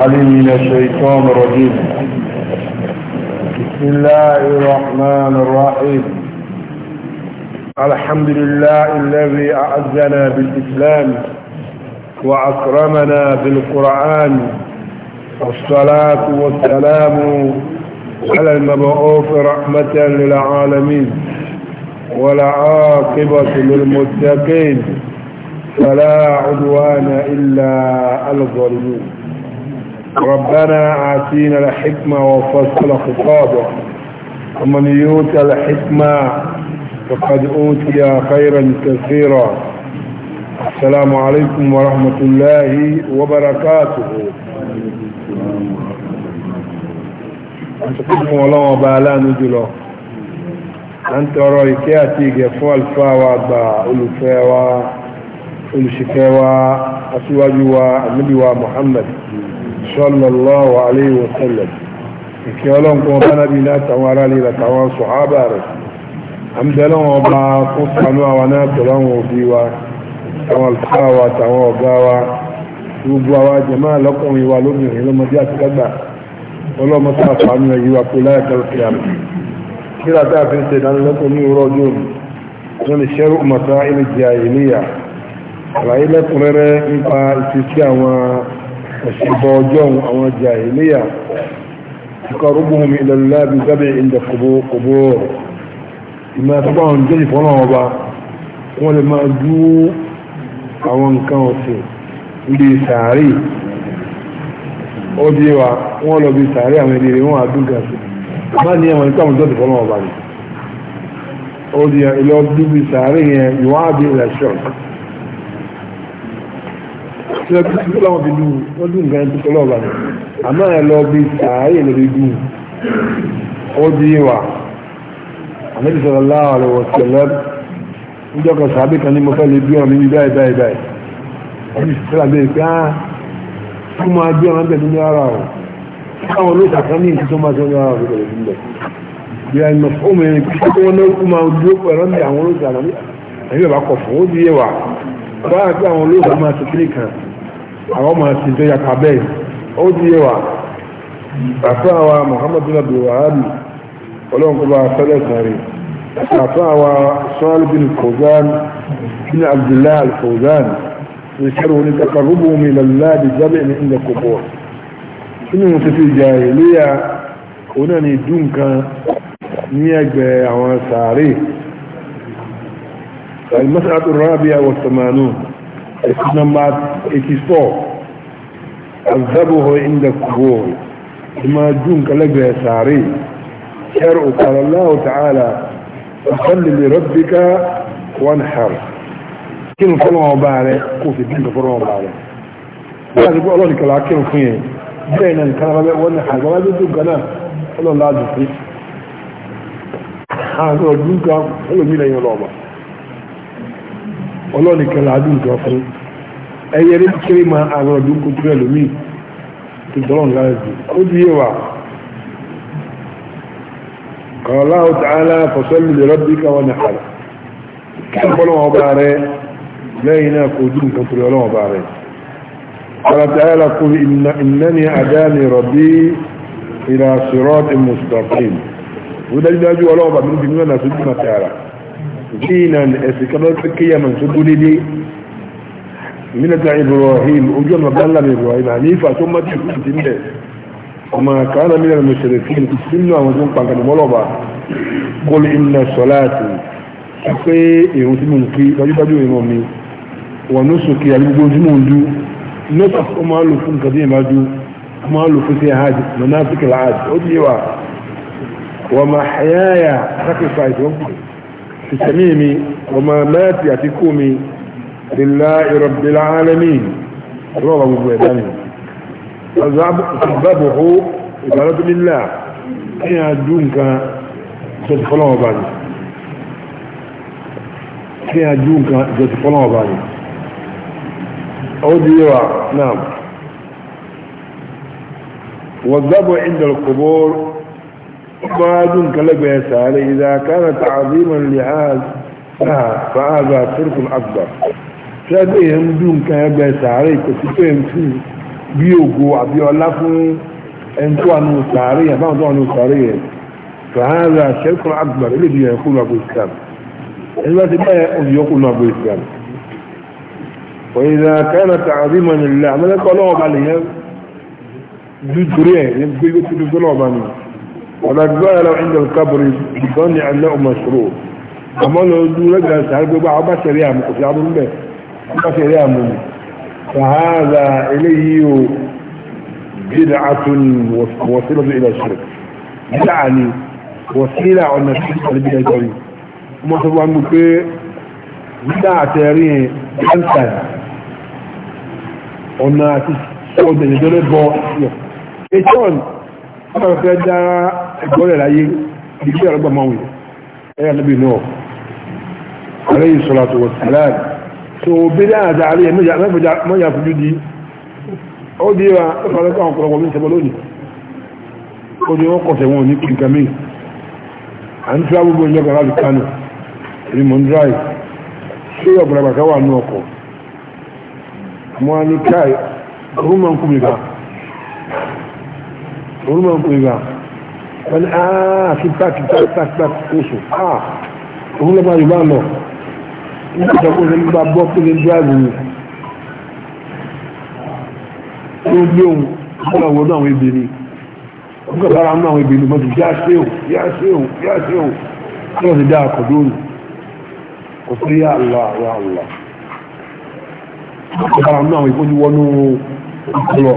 علي من الشيطان الرجيم بسم الله الرحمن الرحيم الحمد لله الذي أعزنا بالإسلام وأكرمنا بالقرآن والصلاة والسلام على المبعوث رحمة للعالمين والعاقبة للمتقين فلا عدوان إلا الظالمين ربنا آتينا الحكمة وفصل خطابه ومن يوت الحكمة فقد أوتي خيرا كثيرا السلام عليكم ورحمة الله وبركاته أنت أنتم الله وبالا نجلو أنت رأيكي أتيك فوال فاوة أولو فاوة أولو شكاوة wa ànábì wa Muhammad sallallahu alayhi wa sallam ìkẹ́ ọlọ́nkọ́ bánábí látàwọn ará lè látàwọn sọ̀hábà rẹ̀ àmdẹ́lọ́wọ́ bá kó sànú àwọn náà tọ́lọ́wọ́ òbí wa àwọn alfáwa àtàwọn ọ̀gá wa gbogbo àwọn jàmá lọ́kùnrin wa lóbìnrin lọ́mọdé àti lágbà ọlọ́mọ tó àfààní ẹ̀yí wa kó láyà kẹrù kí àmì kí fi ń ṣe ìdánilẹ́kọ̀ọ́ ní òrọ̀ ọjọ́ òní wọn ni ṣẹ́rù mọ̀tá ilẹ̀ jẹ́ àìlíyà àlàyé lẹ́kùnrẹ́rẹ́ nípa ẹ̀sìnbọ̀ ọjọ́ àwọn jàhílíyà ìkọrùgbùn ìlàlùlábi gábẹ̀ ilẹ̀ kòbó ìmọ̀ àtọ́gbà wọn jẹ́ ìfọ́nà ọba wọ́n lè máa jú àwọn nǹkan ọ̀sẹ̀ ilé sàárì ó bí wa wọ́n lọ bí sàárì àwọn ènìyàn wọn àdúgà sí bá ní àwọn ìtàwọn jọ́ ìfọ́nà ọba rẹ̀ ó tí wọ́n ti kí láwọn fi dùn wọ́n dùn gan tó tọ́lọ́ ọ̀bà rẹ̀ àmọ́ ẹ̀ lọ bí sàárè lórí dùn ó di wà àmẹ́bí sọ̀rọ̀ láwọn rẹ̀ wọ̀ sẹ̀lẹ̀ níjọ́ kan sàábì kan ní mo fẹ́ lè bí ọ̀rọ̀ níbi báyìí báyìí báyìí ọdún sọ̀rọ̀ àbẹ̀ pé á ah, tó máa bí ọ̀rọ̀ bẹ̀ nínú ara o káwọn ló sàkán ní ìtútù máa sọ ara rẹ̀ bẹ̀rẹ̀ nílẹ̀ bí i àìmọ̀ fún mi ní kí wọ́n náà kú máa dúró pẹ̀lú àwọn olóògbé àná àbí bàbá kọ̀ fún ó di yé wa báyà àwọn olóògbé máa sọ kiri àwọn ọmọ àti ìjọ yàtọ̀ abẹ́ ó di yé wa àfẹ́ àwa Muhammad bin Abdul Wahab ọlọ́nkọba fẹ́lẹ̀ sáré àfẹ́ àwa sọ́ọ́lù bin Fawzan bin Abdullah al-Fawzan ìṣẹ́rù ní takarubu mi lọ́lá di jábẹ́ ní ilẹ̀ kòkó inú ti fi jà ìléyà òun náà ni dùn kan ní ẹgbẹ́ àwọn sáré المسألة الرابعة والثمانون number 84 azabuhu inda kubur ma jun kalaga sare shar'u qala Allah ta'ala salli li rabbika wanhar kin fọlọ́wọ́ bá rẹ̀ kò fi dínkà fọlọ́wọ́ bá rẹ̀ láti bọ́ ọlọ́rin kala kí n fún yẹn bẹ́ẹ̀ náà nǹkan rẹ̀ wọ́n ní àgbà wájú tó gánà ọlọ́run láàdùn sí àwọn ọdún kan olómìnira yẹn ọlọ́ọ̀nì kan làádùn kan fún ẹyẹ rí kéré máa àwọn ọdún kó tó rẹ̀ lómi tó tọ́lọ̀ ńlá rẹ̀ jù ó di yé wa kọ̀ọ̀lá ọ̀tà àlà fọ̀sọ́lì lè rọ́bì káwọn ní àlà kí ọlọ́wọ́ ọba rẹ̀ lẹ́yìn náà kò dùn kan tó rẹ̀ ọlọ́wọ́ ọba rẹ̀ قال تعالى قل إن إنني أداني ربي إلى صراط مستقيم وده جاء جوا لعبة من جنونا سبحانه àrà دينا اسكبت قيما سدولي ملة إبراهيم أجمع بلغ إبراهيم حنيفة ثم تكون وما كان من المشركين تسلنا وزنقا كان ملوبا قل إن صلاتي أقي يوتمون في فجبجو إمامي ونسكي يوتمون دو نسخ أما لفن قديم أجو أما لفن هاجة منافق العاد أجيوا ومحيايا سكرفايس ومحيايا تسميمي وما مات يأتيكمي لله رب العالمين رواه أبو بيداني فذبحه إبارة لله كي أجونك تدخلون بعدي كي أجونك تدخلون بعدي أوديوا نعم وذبح عند القبور بعد كلب يسأل إذا كان تعظيما لهذا فهذا شرك أكبر شابههم دون كلب يسأل كتبهم فيه بيوغو أبيولا فيه أنتوا أنه سارية فأنتوا أنه سارية فهذا شرك أكبر الذي يقول أبو الإسلام الذي ما يقول أبو الإسلام وإذا كان تعظيما لله ماذا قالوا عليه دوتوريه يبقى يقول لهم ومن زال عند القبر بظن أنه مشروع أما لو دون رجل سهل بيبقى ما شريعة في عمر به ما شريعة منه فهذا إليه بدعة وصلة إلى الشرك يعني وسيلة عن الشرك لبدا الكريم ما تبقى عنك بدعة تاريه أنسان ọ̀nà àti ṣọ́ọ̀dẹ̀ ìdọ́lẹ́bọ̀ ẹ̀ṣọ́ọ̀nù ọ̀rọ̀ fẹ́ dá ẹgbọ́rẹ̀ láyé ìgbé ọ̀rọ̀gbà mọ́wé ẹ̀yà níbi náà ààrẹ ìṣọ́lá tó wọ̀tí láàrín tó bí dáadáa ààrẹ mọ́jà fojú di ó di wa ọ̀pọ̀lọpọ̀ àwọn ọ̀pọ̀lọpọ̀ mi sẹ́bọ̀ lónìí ó di wọ́n kọ̀sẹ̀ wọn ní kìkà mí à ń tíra gbogbo ìjọba láti kánò èyí mọ̀ ń dráì ṣé ọ̀pọ̀lọpọ̀ wà ní ọkọ̀ mo á ní káì ọ̀rọ̀ máa ń kú mi kan òun máa ń pè wá wọn áá kíkà kíkà kíkà kíkà oṣù áà òun lọ́ba yorùbá lọ nígbà tó kó lẹ́nu bá bọ́ pé lè dúró àgbòyè tó gbé òun kọ́lá wọnú àwọn ebèrè òun kà bára mú àwọn ebèrè mọ́tò yá sí òun yá sí òun yá sí òun kí wọ́n ti dá àkọ́dọ́ òun kò sí yá àlá àlá àlá kọ́lá mú àwọn ìfọ́jú wọnú ìkọlọ́.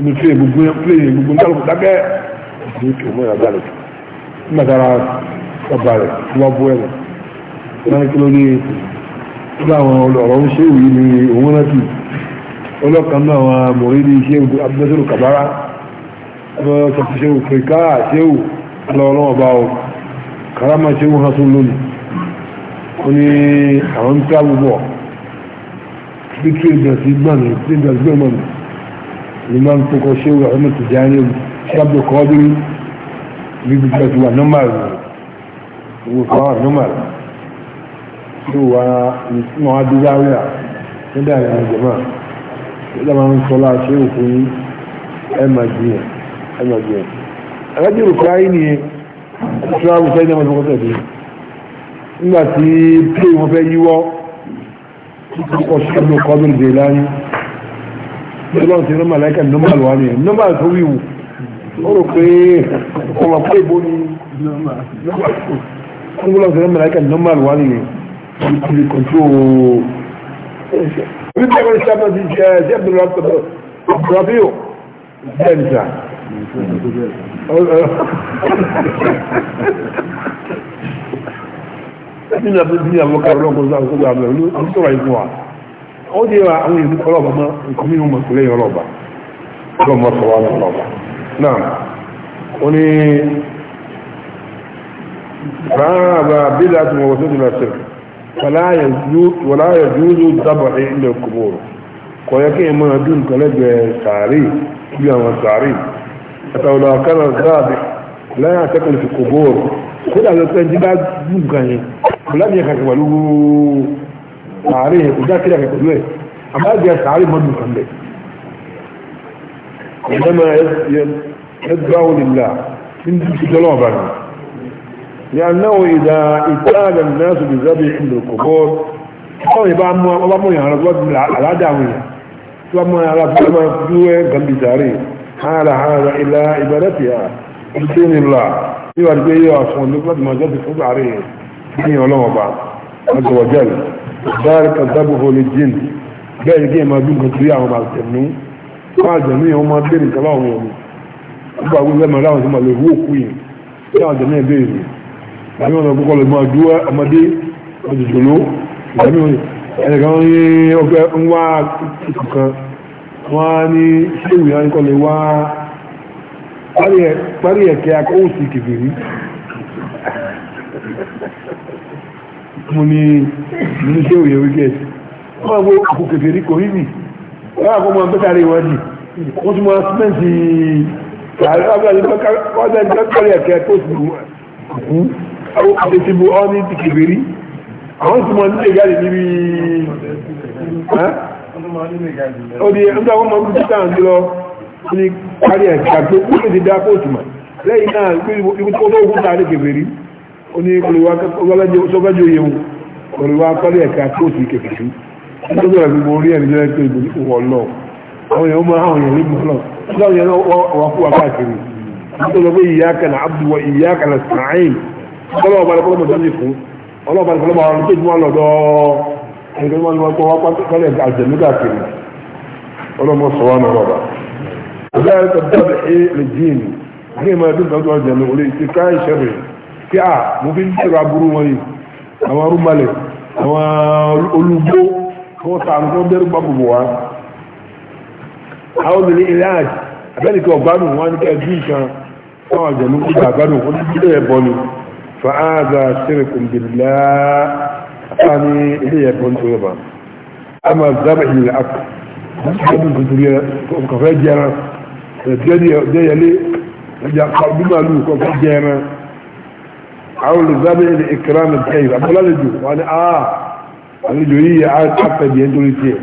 ní pé gbogbo pléyìn gbogbo nkálùkù lábẹ́ ìdílé kí ọmọ ìyàgbá rẹ̀ mẹ́tara ọba rẹ̀ wọ́n bú ẹ̀rọ náà kí ló ní ọdún àwọn ọ̀rọ̀ ń ṣe òyìn ní òun náà kì ọlọ́kan náà wọn mọ̀rí ní iṣẹ́ òdu abúlẹ́sẹ̀lù kàbára abúlẹ́sẹ̀lù ṣàtúnṣe òfìríkà ṣéwù ọlọ́run ọba ọ karama ṣéwù hasun lónìí ó ní àwọn ń tá gbogbo títí ìjọsí gbọ́n ní títí ìjọsí gbọ́n ní imam tó kọ ṣé ọmọ tó jẹ́ ní ṣáàbù kọ́dúrí níbi tí wọ́n ti wà nọ́mbà rẹ̀ owó kan wà nọ́mbà rẹ̀ tí wà níwọ̀n adúláwíà nígbà ìrìn ìjọba nígbà máa ń sọlá ṣé òkú yín ẹ máa jiyàn ẹ máa jiyàn alájẹ́ òkú ayé ni ṣáàbù sẹ́yìn náà wọ́n tẹ̀lé nígbà tí pé wọ́n fẹ́ yíwọ́ kọ́ ṣáàbù kọ́dúrí dè láyé ọlọ́run ti rán màláìka nọ́mbà lọ́wọ́ mi nọ́mbà tó wíwù ó rò pé ọmọ pé ìbò ni nọ́mbà ọlọ́run ti rán màláìka nọ́mbà lọ́wọ́ mi ìbí kọ̀tún ooo. orí tẹ́kọ̀ ní sábà ti jẹ́ ẹ̀jẹ̀ abdullahi abdullahi rabiu jẹ́nsa. nínú àbúrò ní àwọn kàrọ̀ lọ́kọ̀ọ́ sọ́kọ̀ àmì ọ̀lú ọ̀sọ̀rọ̀ ìfún wa ó dé wa àwọn ìlú ọlọ́ọ̀bà mọ́ nǹkan mímọ́ mọ́ sílẹ̀ ọlọ́ọ̀bà ọlọ́ọ̀mọ́ sọ wà lọ́ọ̀bà náà ó ní rárá bílá tí wọ́n sọ́dún lọ sẹ́rẹ̀ wọ́lá yẹ júúzú dábà ilẹ̀ kòmòrò kọ̀ yẹ kí ẹ máa dún nǹkan lẹ́gbẹ̀ẹ́ sàárì bí àwọn sàárì àtàwọn akẹ́nà záàbì lẹ́yìn akẹ́kọ̀ọ́ fi عليه وجا كده يقول له إيه؟ اما اجي اسعاري مدن كنده عندما يدعو لله من جلوه بانه لأنه إذا اتال الناس بذبح عند القبور طيب يبا أمو الله مو يعني رضوات من العادة وين قال ما يعرف ما يفضوه كان بتاري حال حال إلى عبادتها بدين الله يبا ربي يوصل لك ما جاء في فوق عليه دين الله بعض عز وجل ذلك الذبح للجن bẹ́ẹ̀ kí ẹ máa bí nǹkan torí àwọn àtẹ̀mú fún àjẹ̀mú yẹn wọ́n máa bèèrè nǹkan láwọn ọmọ mi nígbà gbogbo ẹ̀mọ̀ láwọn tó máa lè hú òkú yẹn tí àwọn àjẹ̀mú yẹn bèèrè rẹ̀ àmì ọ̀nà púpọ̀ lè máa dúró ọmọdé ọ̀dùdùnú ìdámí ẹnìkan ní ọgbẹ́ ń kankan wọ́n á ní ṣéwì náà lè wá parí ẹ̀kẹ́ akọ́wọ́sì kìfèrí mo ní ní ṣé òye wíkẹ́ wọ́n gbọ́ àpò kẹfẹ́ rí kò rí mi wọ́n àpò mọ́ bẹ́tàrí ìwádìí wọ́n tún mọ́ sípẹ́ǹtì àwọn tí wọ́n nílé gáàdì níbi ọdí ẹ̀mdá wọ́n mọ̀ ní títà ń lọ ní kárí ẹ̀kà tó kúrò ti dá kóòtù mà lẹ́yìn náà ìgbésí tó tó gúnta ní kèfèrí oní olùwàkọ́jọ yẹ̀wò olùwàkọ́lẹ̀ ẹ̀ka kóòtù kẹfìṣú nítorí ọ̀rọ̀ gbogbo orí ẹ̀rí lẹ́yìn pé ìbò nípò wọ́n lọ àwọn èèyàn máa àwọn èèyàn nígbà lọ láwọn èèyàn wà fún wa káàkiri nítorí ọ̀rọ̀ pé ìyá kan náà abdu wa ìyá kan náà sàáìn ọlọ́wọ́ balẹ̀ fọlọ́mọ sọ́ni fún ọlọ́wọ́ balẹ̀ fọlọ́mọ àwọn pé à mo fi ń bẹ̀rù aburú wọn yìí àwọn arúgbálẹ̀ àwọn olùgbó wọn ta àwọn tó bẹ̀rù gbàgbọ́ wa àwọn obìnrin ilé àjì abẹ́nìkan ọ̀gbádùn wọn ní kẹ́ bí nǹkan fáwọn àjẹ̀lú kúta àgbádùn wọn ní ilé ẹ̀bọ ni fa'aza shirkun billah àtàní ilé ẹ̀bọ ní tó yọba a máa dábà ìlú àpò ọdún tuntun yẹ kọfẹ́ jẹran ẹ̀jẹ̀ yẹlé ẹ̀jẹ̀ kọfẹ́ jẹran حول الذبح لإكرام الخير أبو لا نجو وأنا آه النجو هي عاد حتى بيهندو لتيه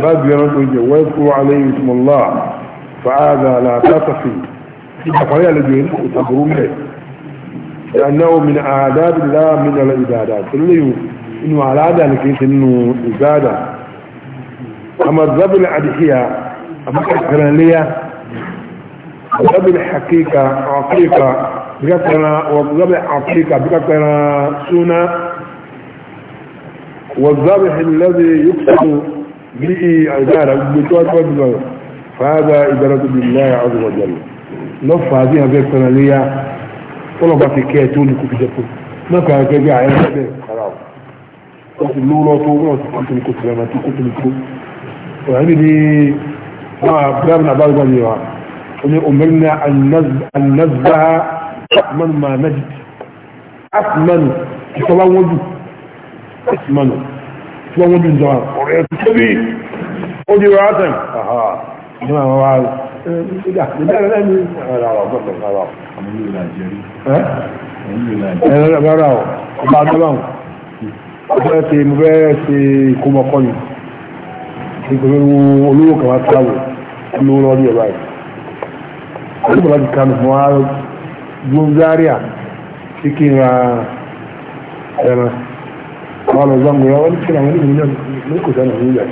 لا بيهندو لتيه ويذكر عليه اسم الله فهذا لا تطفي فقال النجو هنا وتبرون له لأنه من آداب الله من العبادات اللي إنه على هذا لكيس إنه إبادة أما الذبح الأدحية أما كثيرا ليه الذبح الحقيقة حقيقة والذبح عقيقة بكثرة سنة والذبح الذي يكسر به عبارة فهذا عبارة بالله عز وجل نفى هذه بكثرة لي ولا بفكية تولي كفجتك نفع كجاعة كنت اللولة كنت الكتلة كنت الكتلة وعندي دي ما بلابنا بلابنا دي ومرنا النزبها asmanu ma najid asmanu ìfọwọ́ wọn jù asmanu ìfọwọ́ wọn jù ń jọra ọ̀rẹ́ ẹ̀ tó tóbi ó di rárá tẹ̀ ní àwọn wa ẹ̀rọ rárá o ọba adọ́láhùn ọjọ́ ti mo fẹ́ ṣe ìkómọkọ́ ni nítorí olówó kan wá táwò olówó lọ́rí ẹ̀ báyìí olówó lọ́rí kan fún wa gbogbo tí kí n ra ẹran wọn lọ zango ya wọn ní kíra wọn ní ìlú ní kò sẹ́nà ní ilẹ̀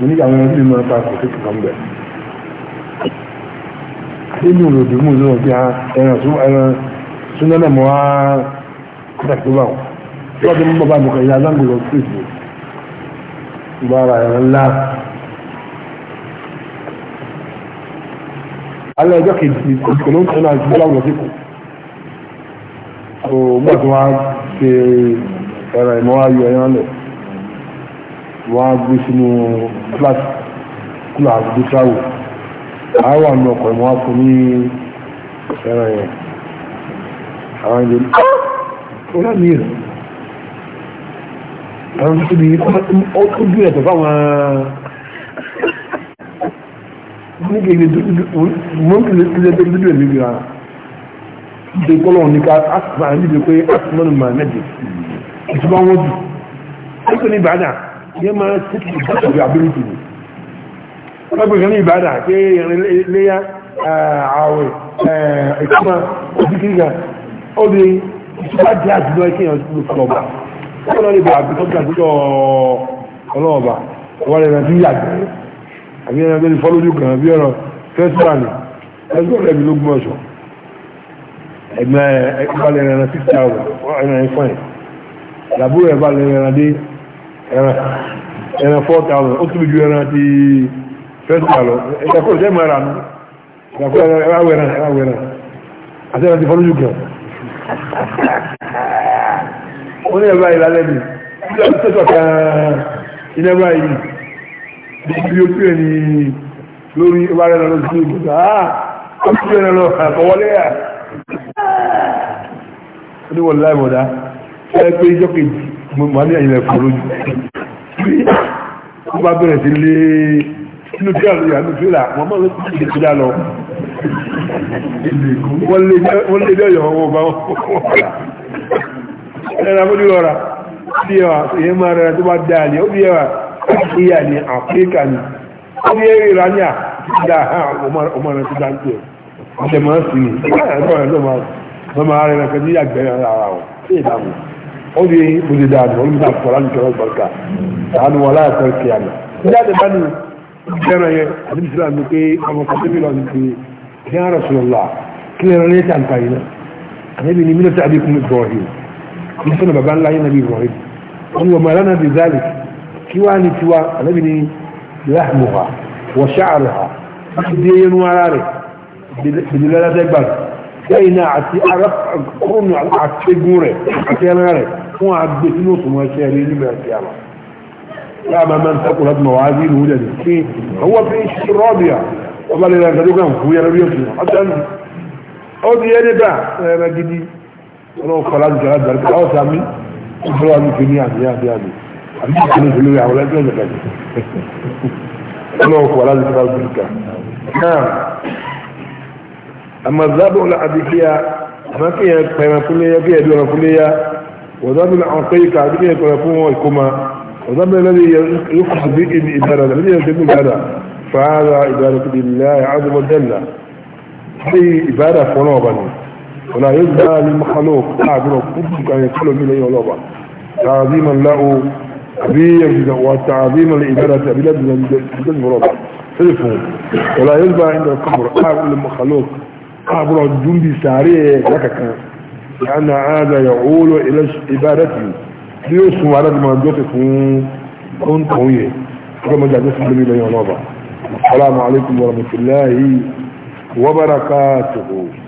mo ní àwọn ẹni mọ̀ ta kò sí kìkan bẹ̀. nínú òdòdó mú lọ́wọ́ bí ẹran sún ẹran sún lọ́nà mọ́ á kọ́tà tó bá wọn. tí wọ́n ti mú bàbá mi kan ya zango lọ sí ìlú. ìgbà ara ẹran ńlá alẹ́ ọjọ́ kejì ìkòló ń tẹ̀lé àti ìgbàlọ́ síkù so gbà tí wọ́n á ṣe ẹ̀rọ ìmọ̀ ayọ ẹ̀yán lẹ̀ wọ́n á gbé sínú kíláàsì kúlà àgbé sáwò àwọn àmì ọkọ̀ ìmọ̀ á fún ní ẹ̀rọ yẹn àwọn ìlú ah! ó rà mí rẹ̀ àwọn tó bí ó dúró ẹ̀tọ́ fáwọn ní kí ilé dúdú ẹ̀mí bí wọn ṣe kọ́lọ̀ ní ká asùnmọ́ àmì ìdí pé asùnmọ́ ní mohammed ìtumọ̀ wọn jù ẹ̀kọ́ ní ìbàdà yẹn máa ṣe kí ìbáṣọ̀rọ̀ abẹ́rẹ́ tì ní ọgbẹ́ kan ní ìbàdà pé iléyà àwẹ̀ ìtumọ̀ òbíkíríkà ó lè ìtumọ̀ àti àjùlọ ẹ̀kẹ́ yẹn ló fọlọ́ bá àbí ẹran tó ní fọ́lójú kan àbí ọ̀rọ̀ fẹ́sìtàlì ẹgbẹ́ rẹ̀ mi ló gbọ́ ọ̀ṣọ́ ẹgbẹ́ ẹgbẹ́ ẹran sísá ẹran ẹ̀fọ́n ẹ̀ làbúrò ẹ̀bá ẹran dé ẹran four thousand ó tóbi ju ẹran ti fẹ́sìtàlì ẹ̀kọ́ ìṣẹ́ mọ́ ẹran ẹ̀kọ́ ẹran ẹran ẹran àti ẹran ti fọ́lójú kan ó ní ẹ̀bá ìlàlẹ́ mi bí ojú ẹni lórí ìwárẹ̀ lọ sí ìgbòsà ojú ẹni lọ àkọwọlé à oníwọ̀n láìbọ̀dá ẹ pé ìjọ kejì mo ní àyìnlẹ̀ fún lójú wọ́n bá bẹ̀rẹ̀ sí lé inú tí àlọ́ ìyànú tí ó là wọ́n mọ́ lọ́sí ìdí tó dá lọ wọ́n lé lẹ́yọ̀ wọ́n bá wọ́n ẹ̀rọ abúlé lọ́ra bí ẹwà èyí máa rẹ̀ tó bá dáa ní ó bí ẹwà iya ni afirika ni ó ní eré ìlà ní àtúndà ọmọ rẹ ti dáńtì ẹ ọdẹ máa ń sinmi ẹgbẹ́ rẹ ló máa lọ máa rẹ lọ́kẹ́ ní àgbẹ̀ ara wọn sí ìdáhùn ó ní ìbùdó dáadọ́ ó ní ìgbà kọ́lá ní kẹrọ gbọ̀ǹkà àánú wọn láàpẹ́ kí àná jáde bá ní ìjẹran yẹn àti bìsílà ní pé ọmọ kan tẹ́bí lọ ní pé kí á rọ̀ sọ̀rọ̀ lọ́à kí lè rán ní ìta nǹkan yìí náà àbẹ́bí ni mílíọ̀tì àbíkún Ibrahim ní sọ́nà bàbá ńlá yẹn nàbí Ibrahim wọn ni ọmọ ẹ̀rọ náà di zalik كيواني كيوا نبني لحمها وشعرها ديين وراري بدلالة البال كينا عطي عرف قرون عطي قوري عطي الغاري مو عبد نوت مو شهرين بها لا ما من تقول هاد موازين هو جديد هو في ايش الرابية وقال لنا قدو كان هو يربي يمكن حتى انا او ديالي دا انا جدي انا وقلان جلال بركة او سامي افراني كنيا بيا بيا بيا بيا àbí ìlú àwọn ẹgbẹ́ ìjọba ọlọ́run kò wà láti fara sí ìka náà àmà zábọ̀ ọ̀la àdìkíyà àmà kí yẹn pẹ̀rẹ̀ fúnléyà kí yẹn dúró fúnléyà wọ̀dábì náà àwọn kéyìká àbí kí yẹn pẹ̀rẹ̀ fún wọn ìkómà wọ̀dábì náà lè yẹ kó bí ibi ìbára àbí yẹn tẹ́kù ìbára fàárà ìbára kìdì láyà àdúgbò dẹ́là bí ìbára fọ́nà ọ̀bà ni wọ́n yóò gbá ní mọ́kànlọ́ káàdúrà kúkú kan yẹn kọ́lọ́ mi lẹ́yìn ọlọ́ba بيجد وتعظيم الإبادة بلاد جدا مرابع سلفهم ولا يلبى عند القبر أعب آه، المخلوق قبر آه، الجندي ساريه لك كان لأن هذا يقول إلى إبادته ليسوا على ما جوتكم كون قوية كما جاء جسم جاءت سلم إلى السلام عليكم ورحمة الله وبركاته